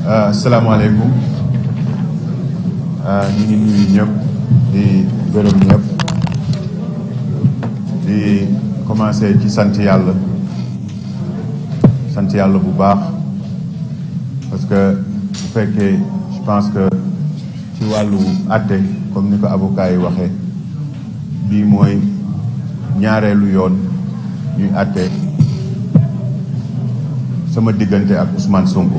Euh, salaamaaleykum euh, ñu ngi nuyu ñëpp di gërëm ñëpp di commencé ci sant yàlla sant yàlla bu baax parce que bu fekkee je pense que ci wàllu àtte comme ni ko avocat yi waxee bii mooy ñaareelu yoon ñuy àtte sama diggante ak Ousmane Sonko.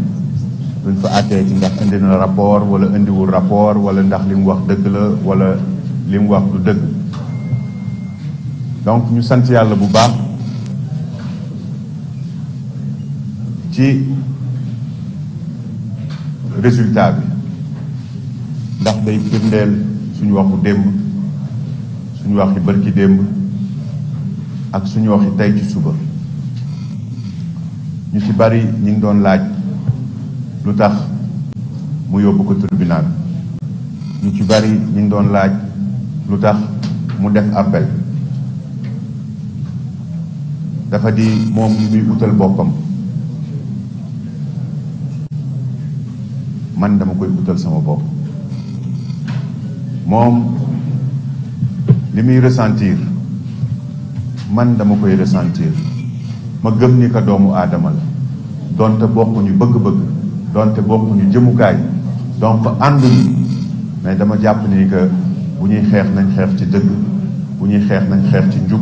duñ fa àttee ci ndax indi na rapport wala indiwul rapport wala ndax li mu wax dëgg la wala li mu wax du dëgg donc ñu sant yàlla bu baax ci résultat bi ndax day firndeel suñu waxu démb suñu waxi bërki démb ak suñu waxi tey ci suba ñu ci bari ñu ngi doon laaj lu tax mu yóbbu ko tribunal ñu ci bari ñu doon laaj lu tax mu def appel dafa di moom muy utal boppam man dama koy utal sama bopp moom li muy ressentir man dama koy ressentir ma gëm ni ko doomu aadama la donte bokkuñu bëgg-bëgg donte bokkuñu jëmukaay donc ànduñu mais dama jàpp ni bu ñuy xeex nañ xeex ci dëgg bu ñuy xeex nañ xeex ci njub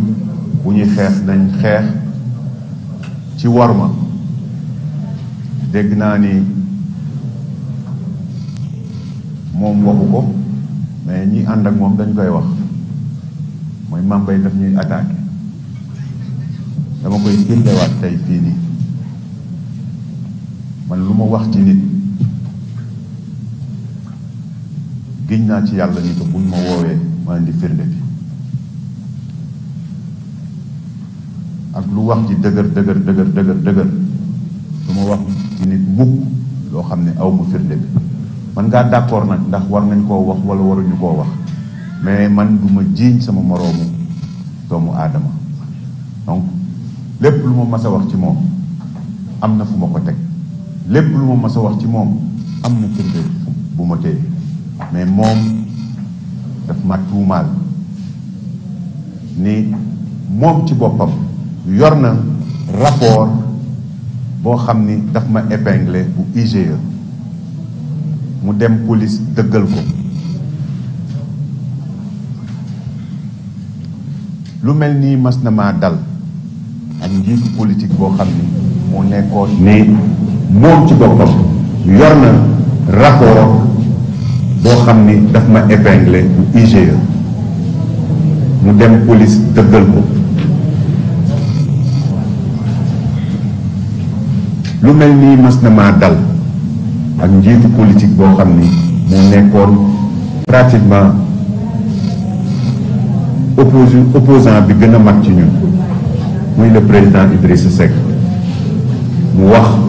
bu ñuy xeex nañ xeex ci worma dégg naa ni moom waxu ko mais ñi ànd ak moom dañ koy wax mooy yi daf ñuy attaqué dama koy firndewaat tey fii nii man luma wax ci nit giñ na ci yalla ni ko buñ ma wowe ma indi firnde bi ak lu wax ci dëgër dëgër dëgër dëgër dëgër luma wax ci nit mukk lo xamne aw mu firnde bi man nga d'accord nak ndax war nañ ko wax wala waruñu ko wax mais man duma jiñ sama moroomu doomu adama donc lepp luma ma wax ci mom amna fu ko lépp lu ma mas a wax ci moom am na tënk bu ma téye mais moom daf ma tuumaal ni moom ci boppam yor na rapport boo xam ni daf ma épinglé bu IGE mu dem police dëggal ko lu mel nii mas na maa dal ak njiitu politique boo xam ni mu nekkoon ni moom ci boppam yor na rapport boo xam ni daf ma épinglé bu IGE mu dem police dëggal ko lu mel nii mas na maa dal ak njiitu politique boo xam ni mu nekkoon pratiquement oppos opposant bi gën a mag ci ñun muy le président Idrissa Seck mu wax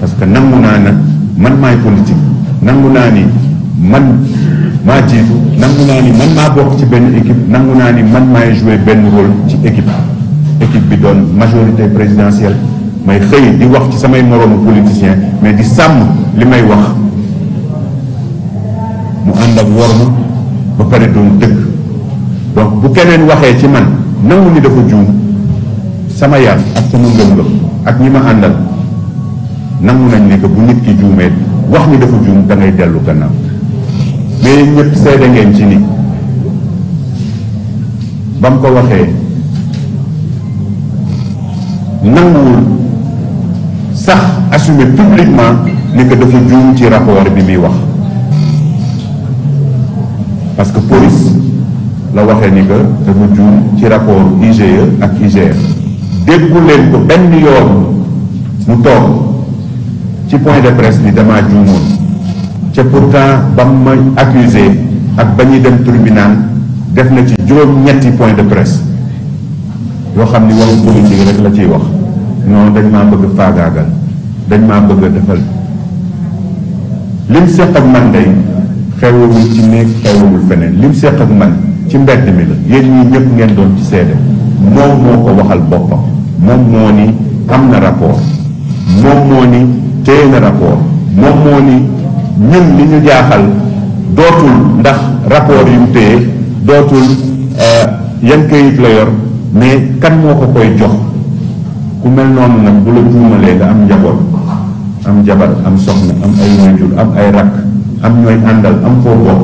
parce que nangu naa nag man maay politique nangu naa ni man maa jiitu nangu naa ni man maa bokk ci benn équipe nangu naa ni man maay jouer benn rôle ci équipe équipe bi doon majorité présidentielle may xëy di wax ci samay moroomu politicien mais di sàmm li may wax mu ànd ak worma ba pare doon dëgg donc bu keneen waxee ci man nangu ni dafa juum sama yar ak sama ngëm-ngëm ak ñi ma àndal nangu nañ ne bu nit ki juumee wax ni dafa juum da dellu gannaaw mais ñëpp seede ngeen ci ni ba mu ko waxee nanguwul sax assumer publiquement ni dafa juum ci rapport bi muy wax parce que police la waxee ni dafa juum ci rapport IGE ak IGF e. déggu leen ko benn yoon mu toog ci point de presse bi damaa juumoon ca pourtant ba ma accusé ak ba ñuy dem tribunal def na ci juróom-ñetti point de presse yoo xam ni waxu bëgg ndig rek la ciy wax non dañ maa bëgg faagaagal dañ maa bëgg defal lim seq ak man day xewewul ci néeg xewewul feneen lim seq ak man ci mbedd mi la yéen ñi ñëpp ngeen doon ci seede moom moo ko waxal boppam moom moo ni am na rapport moom moo ni téye na rapport moom moo ni ñun li ñu jaaxal dootul ndax rapport yu mu téye dootul euh, yan kayit la yor mais kan moo ko koy jox ku mel noonu nag bu la juumalee nga am njaboot am jabar am soxna am ay waajur am ay rakk am ñooy àndal am foo bokk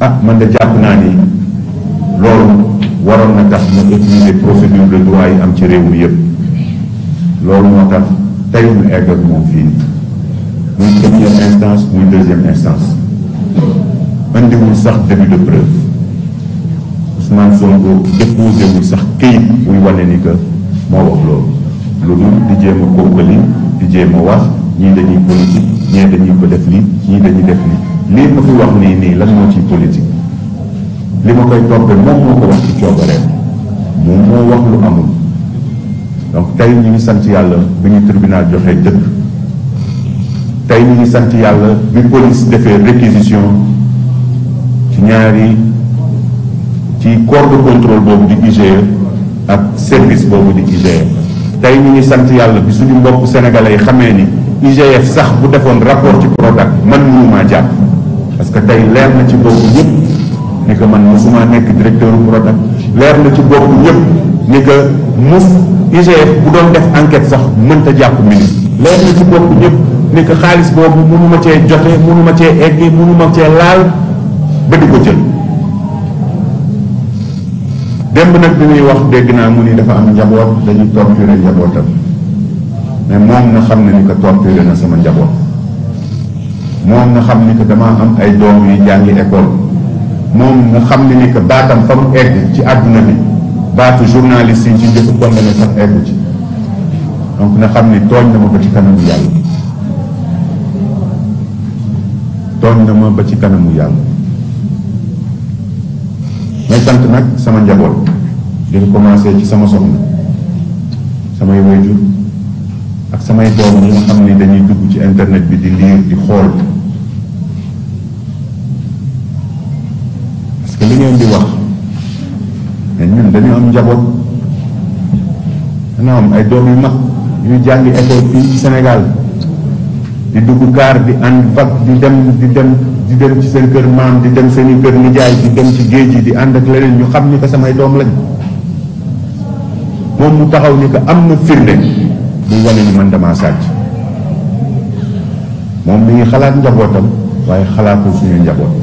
ah man de jàpp naa ni loolu waroon na tax mu utiliser procédure de droit am ci réew mi yëpp loolu moo tax tenho de mon fils. Muy première instance, muy deuxième instance. de sax sac de de preuve. Ousmane Sonko déposé wul sax kayit est wane ni que moo wax loolu. Loolu di jéem a kokkali, di jéem a wax, ñii dañuy politique, ñii dañuy ko def lii, de dañuy def lii. Lii ma fi wax de nii lan moo politique. Li ma koy toppee moom moo ko wax ci coobareem. tey ñu ngi sant yàlla bi ñu tribunal joxe dëkk tey ñu ngi sant yàlla bi police defee réquisition ci ñaari ci corps de contrôle boobu di IGE ak service boobu di IGE tey ñu ngi sant yàlla bi suñu mbokk sénégalais yi xamee ni IGF sax bu defoon rapport ci Prodac man mënumaa jàpp parce que tey leer na ci bopp ñëpp ni que man mësuma nekk directeur Prodac leer na ci bopp ñëpp ni que mus IGF bu doon def enquête sax mënta jàpp ministre leer na ci bopp ñëpp ni que xaalis boobu mënuma cee jote mënuma cee eggi mënuma cee laal ba di ko jël demb nag bi muy wax dégg naa mu ni dafa am njaboot dañu torturer njabootam mais moom na xam ne ni que torturer na sama njaboot moom na xam ni que dama am ay doom jàngi école moom na xam ne ni baatam fa mu egg ci àdduna bi baatu journaliste yi ci njëkk condamné sax eggu ci donc na xam ni tooñ na ma ba ci kanamu yàlla tooñ na ma ba ci kanamu yàlla may sant nag sama njaboot di nga commencé ci sama soxna samay wayjur ak samay doom yi nga xam ni dañuy dugg ci internet bi di liir di xool ne dañu am njaboot dañoo am ay doom yu mag yuy jàngi école fii ci di dugg kaar di ànd vague di dem di dem di dem ci seen kër maam di dem seen i kër nijaay di dem ci géej gi di ànd ak leneen ñu xam ni ko samay doom lañ moom mu taxaw ni ko am na firnde bu wane ni man damaa sàcc moom mi ngi xalaat njabootam waaye xalaatul suñu njaboot